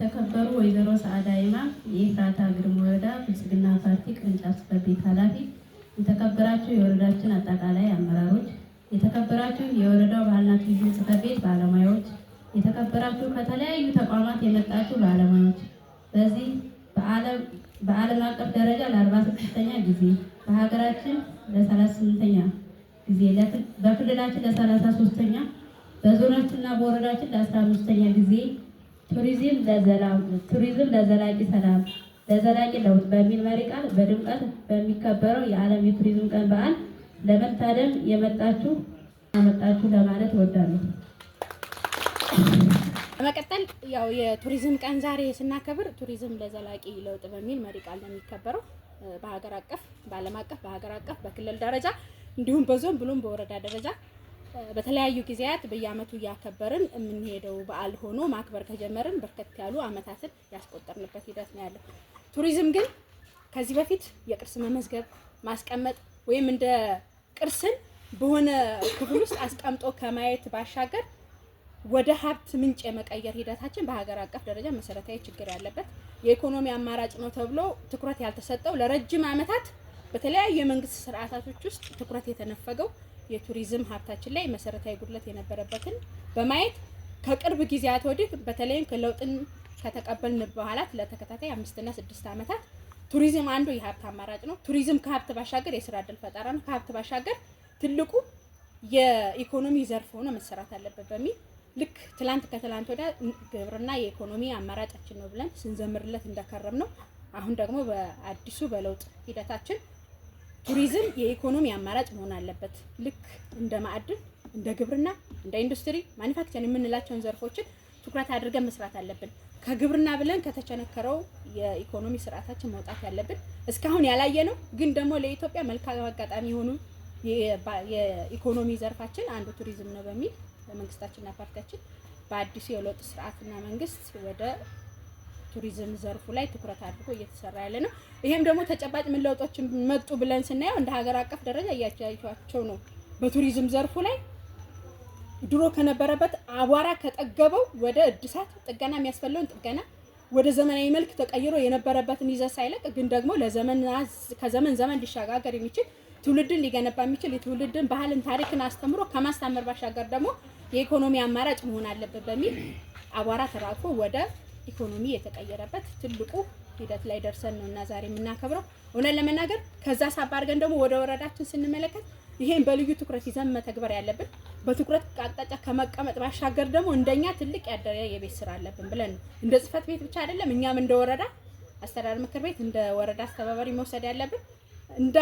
የተከበሩ ወይዘሮ ሰዓዳ ኢማም የኢፍራታ ግድም ወረዳ ብልጽግና ፓርቲ ቅርንጫፍ ጽሕፈት ቤት ኃላፊ፣ የተከበራችሁ የወረዳችን አጠቃላይ አመራሮች፣ የተከበራችሁ የወረዳው ባህልና ቱሪዝም ጽሕፈት ቤት ባለሙያዎች፣ የተከበራችሁ ከተለያዩ ተቋማት የመጣችሁ ባለሙያዎች በዚህ በዓለም አቀፍ ደረጃ ለ46ኛ ጊዜ በሀገራችን ለ38ኛ ጊዜ በክልላችን ለ33ኛ በዞናችንና በወረዳችን ለ15ኛ ጊዜ ቱሪዝም ለዘላም ቱሪዝም ለዘላቂ ሰላም ለዘላቂ ለውጥ በሚል መሪ ቃል በድምቀት በሚከበረው የዓለም የቱሪዝም ቀን በዓል ለመታደም የመጣችሁ አመጣችሁ ለማለት እወዳለሁ። በመቀጠል ያው የቱሪዝም ቀን ዛሬ ስናከብር ቱሪዝም ለዘላቂ ለውጥ በሚል መሪ ቃል ነው የሚከበረው። በሀገር አቀፍ፣ በዓለም አቀፍ፣ በሀገር አቀፍ፣ በክልል ደረጃ እንዲሁም በዞን ብሎም በወረዳ ደረጃ በተለያዩ ጊዜያት በየአመቱ እያከበርን የምንሄደው በዓል ሆኖ ማክበር ከጀመርን በርከት ያሉ አመታትን ያስቆጠርንበት ሂደት ነው ያለው። ቱሪዝም ግን ከዚህ በፊት የቅርስ መመዝገብ ማስቀመጥ ወይም እንደ ቅርስን በሆነ ክፍል ውስጥ አስቀምጦ ከማየት ባሻገር ወደ ሀብት ምንጭ የመቀየር ሂደታችን በሀገር አቀፍ ደረጃ መሰረታዊ ችግር ያለበት የኢኮኖሚ አማራጭ ነው ተብሎ ትኩረት ያልተሰጠው ለረጅም አመታት በተለያዩ የመንግስት ስርዓታቶች ውስጥ ትኩረት የተነፈገው የቱሪዝም ሀብታችን ላይ መሰረታዊ ጉድለት የነበረበትን በማየት ከቅርብ ጊዜያት ወዲህ በተለይም ከለውጥን ከተቀበልን በኋላ ለተከታታይ አምስትና ስድስት ዓመታት ቱሪዝም አንዱ የሀብት አማራጭ ነው። ቱሪዝም ከሀብት ባሻገር የስራ እድል ፈጠራ ነው። ከሀብት ባሻገር ትልቁ የኢኮኖሚ ዘርፍ ሆኖ መሰራት አለበት በሚል ልክ ትላንት ከትላንት ወዲያ ግብርና የኢኮኖሚ አማራጫችን ነው ብለን ስንዘምርለት እንዳከረም ነው። አሁን ደግሞ በአዲሱ በለውጥ ሂደታችን ቱሪዝም የኢኮኖሚ አማራጭ መሆን አለበት። ልክ እንደ ማዕድን፣ እንደ ግብርና፣ እንደ ኢንዱስትሪ፣ ማኒፋክቸር የምንላቸውን ዘርፎችን ትኩረት አድርገን መስራት አለብን። ከግብርና ብለን ከተቸነከረው የኢኮኖሚ ስርዓታችን መውጣት ያለብን እስካሁን ያላየ ነው፣ ግን ደግሞ ለኢትዮጵያ መልካም አጋጣሚ የሆኑ የኢኮኖሚ ዘርፋችን አንዱ ቱሪዝም ነው በሚል መንግስታችንና ፓርቲያችን በአዲሱ የለውጥ ስርዓትና መንግስት ወደ በቱሪዝም ዘርፉ ላይ ትኩረት አድርጎ እየተሰራ ያለ ነው። ይሄም ደግሞ ተጨባጭ ምን ለውጦችን መጡ ብለን ስናየው እንደ ሀገር አቀፍ ደረጃ እያቻቸው ነው። በቱሪዝም ዘርፉ ላይ ድሮ ከነበረበት አቧራ ከጠገበው ወደ እድሳት ጥገና የሚያስፈልገውን ጥገና ወደ ዘመናዊ መልክ ተቀይሮ የነበረበትን ይዘት ሳይለቅ ግን ደግሞ ከዘመን ዘመን ሊሸጋገር የሚችል ትውልድን ሊገነባ የሚችል የትውልድን ባህልን፣ ታሪክን አስተምሮ ከማስታመር ባሻገር ደግሞ የኢኮኖሚ አማራጭ መሆን አለበት በሚል አቧራ ተራግፎ ወደ ኢኮኖሚ የተቀየረበት ትልቁ ሂደት ላይ ደርሰን ነው እና ዛሬ የምናከብረው። እውነት ለመናገር ከዛ ሳብ አድርገን ደግሞ ወደ ወረዳችን ስንመለከት ይሄን በልዩ ትኩረት ይዘን መተግበር ያለብን በትኩረት አቅጣጫ ከመቀመጥ ባሻገር ደግሞ እንደኛ ትልቅ ያደረ የቤት ስራ አለብን ብለን ነው። እንደ ጽህፈት ቤት ብቻ አይደለም፣ እኛም እንደ ወረዳ አስተዳደር ምክር ቤት እንደ ወረዳ አስተባባሪ መውሰድ ያለብን እንደ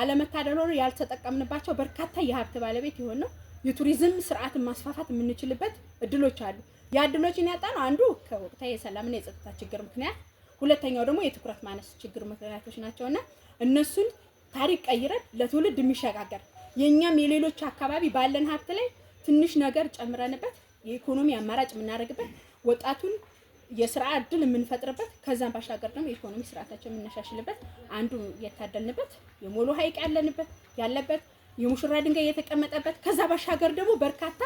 አለመታደል ሆኖ ያልተጠቀምንባቸው በርካታ የሀብት ባለቤት የሆን ነው የቱሪዝም ስርዓትን ማስፋፋት የምንችልበት እድሎች አሉ። ያ እድሎችን ያጣ ነው አንዱ ከወቅታዊ የሰላምና የጸጥታ ችግር ምክንያት፣ ሁለተኛው ደግሞ የትኩረት ማነስ ችግር ምክንያቶች ናቸውና እነሱን ታሪክ ቀይረን ለትውልድ የሚሸጋገር የእኛም የሌሎች አካባቢ ባለን ሀብት ላይ ትንሽ ነገር ጨምረንበት የኢኮኖሚ አማራጭ የምናደርግበት ወጣቱን የስራ እድል የምንፈጥርበት ከዛም ባሻገር ደግሞ የኢኮኖሚ ስርዓታቸው የምናሻሽልበት አንዱ የታደልንበት የሞሎ ሀይቅ ያለንበት ያለበት የሙሽራ ድንጋይ የተቀመጠበት ከዛ ባሻገር ደግሞ በርካታ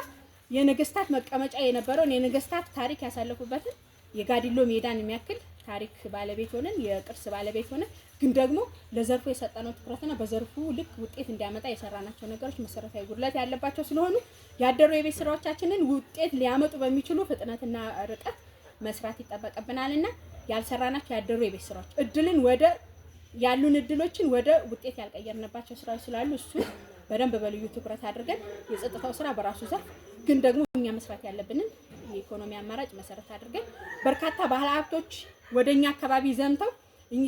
የነገስታት መቀመጫ የነበረውን የነገስታት ታሪክ ያሳለፉበትን የጋዲሎ ሜዳን የሚያክል ታሪክ ባለቤት ሆነን የቅርስ ባለቤት ሆነን ግን ደግሞ ለዘርፉ የሰጠነው ትኩረትና በዘርፉ ልክ ውጤት እንዲያመጣ የሰራናቸው ነገሮች መሰረታዊ ጉድለት ያለባቸው ስለሆኑ ያደሩ የቤት ስራዎቻችንን ውጤት ሊያመጡ በሚችሉ ፍጥነትና ርቀት መስራት ይጠበቅብናልና ያልሰራናቸው ያደሩ የቤት ስራዎች እድልን ወደ ያሉን እድሎችን ወደ ውጤት ያልቀየርንባቸው ስራዎች ስላሉ እሱ በደንብ በልዩ ትኩረት አድርገን የጸጥታው ስራ በራሱ ዘርፍ ግን ደግሞ እኛ መስራት ያለብንን የኢኮኖሚ አማራጭ መሰረት አድርገን በርካታ ባለ ሀብቶች ወደ እኛ አካባቢ ዘምተው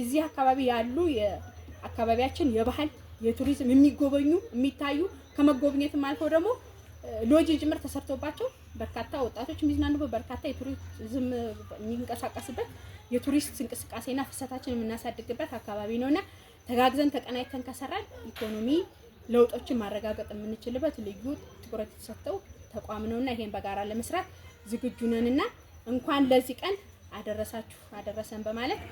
እዚህ አካባቢ ያሉ የአካባቢያችን የባህል የቱሪዝም የሚጎበኙ የሚታዩ ከመጎብኘትም አልፈው ደግሞ ሎጅ ጭምር ተሰርቶባቸው በርካታ ወጣቶች የሚዝናኑበት በርካታ የቱሪዝም የሚንቀሳቀስበት የቱሪስት እንቅስቃሴና ፍሰታችን የምናሳድግበት አካባቢ ነውና ተጋግዘን ተቀናይተን ከሰራን ኢኮኖሚ ለውጦችን ማረጋገጥ የምንችልበት ልዩ ትኩረት የተሰጠው ተቋም ነውና ይሄን በጋራ ለመስራት ዝግጁ ነንና እንኳን ለዚህ ቀን አደረሳችሁ አደረሰን በማለት